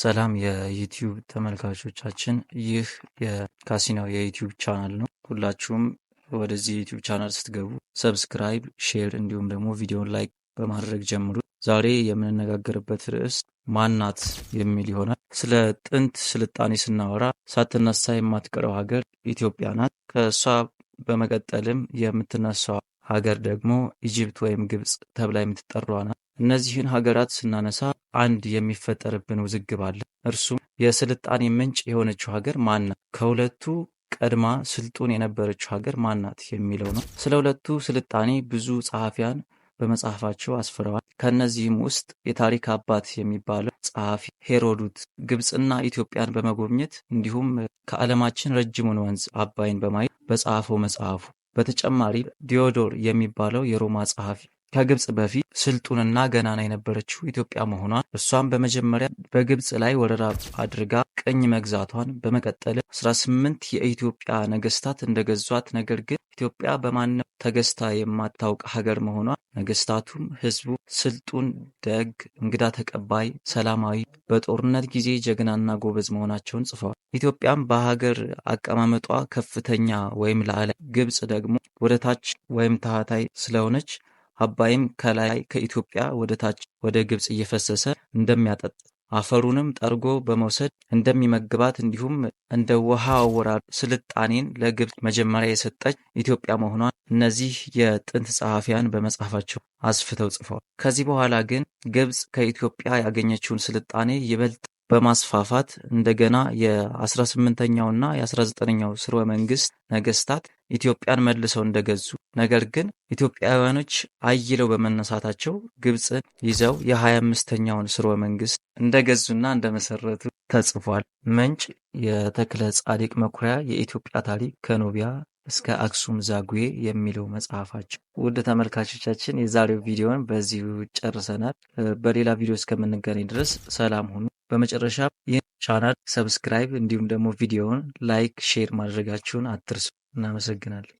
ሰላም የዩቲዩብ ተመልካቾቻችን፣ ይህ የካሲኖ የዩቲዩብ ቻናል ነው። ሁላችሁም ወደዚህ የዩቲዩብ ቻናል ስትገቡ ሰብስክራይብ፣ ሼር እንዲሁም ደግሞ ቪዲዮን ላይክ በማድረግ ጀምሩ። ዛሬ የምንነጋገርበት ርዕስ ማናት የሚል ይሆናል። ስለ ጥንት ስልጣኔ ስናወራ ሳትነሳ የማትቀረው ሀገር ኢትዮጵያ ናት። ከእሷ በመቀጠልም የምትነሳው ሀገር ደግሞ ኢጅፕት ወይም ግብፅ ተብላ የምትጠሯ ናት። እነዚህን ሀገራት ስናነሳ አንድ የሚፈጠርብን ውዝግብ አለ። እርሱም የስልጣኔ ምንጭ የሆነችው ሀገር ማናት ከሁለቱ ቀድማ ስልጡን የነበረችው ሀገር ማናት የሚለው ነው። ስለ ሁለቱ ስልጣኔ ብዙ ጸሐፊያን በመጽሐፋቸው አስፍረዋል። ከእነዚህም ውስጥ የታሪክ አባት የሚባለው ጸሐፊ ሄሮዱት ግብፅና ኢትዮጵያን በመጎብኘት እንዲሁም ከዓለማችን ረጅሙን ወንዝ አባይን በማየት በጻፈው መጽሐፉ በተጨማሪ ዲዮዶር የሚባለው የሮማ ጸሐፊ ከግብጽ በፊት ስልጡንና ገናና የነበረችው ኢትዮጵያ መሆኗን እሷም በመጀመሪያ በግብጽ ላይ ወረራ አድርጋ ቅኝ መግዛቷን በመቀጠል 18 የኢትዮጵያ ነገስታት እንደገዟት ነገር ግን ኢትዮጵያ በማንም ተገዝታ የማታውቅ ሀገር መሆኗ ነገስታቱም ህዝቡ ስልጡን፣ ደግ፣ እንግዳ ተቀባይ፣ ሰላማዊ፣ በጦርነት ጊዜ ጀግናና ጎበዝ መሆናቸውን ጽፈዋል። ኢትዮጵያም በሀገር አቀማመጧ ከፍተኛ ወይም ላዕላይ፣ ግብጽ ደግሞ ወደታች ወይም ታህታይ ስለሆነች አባይም ከላይ ከኢትዮጵያ ታች ወደ ግብፅ እየፈሰሰ እንደሚያጠጥ አፈሩንም ጠርጎ በመውሰድ እንደሚመግባት እንዲሁም እንደ ውሃ አወራር ስልጣኔን ለግብፅ መጀመሪያ የሰጠች ኢትዮጵያ መሆኗን እነዚህ የጥንት ጸሐፊያን በመጽሐፋቸው አስፍተው ጽፈዋል። ከዚህ በኋላ ግን ግብፅ ከኢትዮጵያ ያገኘችውን ስልጣኔ ይበልጥ በማስፋፋት እንደገና የ18ኛውና የ19ኛው ስርወ መንግስት ነገስታት ኢትዮጵያን መልሰው እንደገዙ ነገር ግን ኢትዮጵያውያኖች አይለው በመነሳታቸው ግብፅን ይዘው የ25ኛውን ስርወ መንግስት እንደገዙና እንደመሰረቱ ተጽፏል። ምንጭ የተክለ ጻዲቅ መኩሪያ የኢትዮጵያ ታሪክ ከኖቢያ እስከ አክሱም ዛጉዌ የሚለው መጽሐፋቸው። ውድ ተመልካቾቻችን የዛሬው ቪዲዮን በዚሁ ጨርሰናል። በሌላ ቪዲዮ እስከምንገናኝ ድረስ ሰላም ሁኑ። በመጨረሻ ይህን ቻናል ሰብስክራይብ እንዲሁም ደግሞ ቪዲዮውን ላይክ፣ ሼር ማድረጋችሁን አትርሱ። እናመሰግናለን።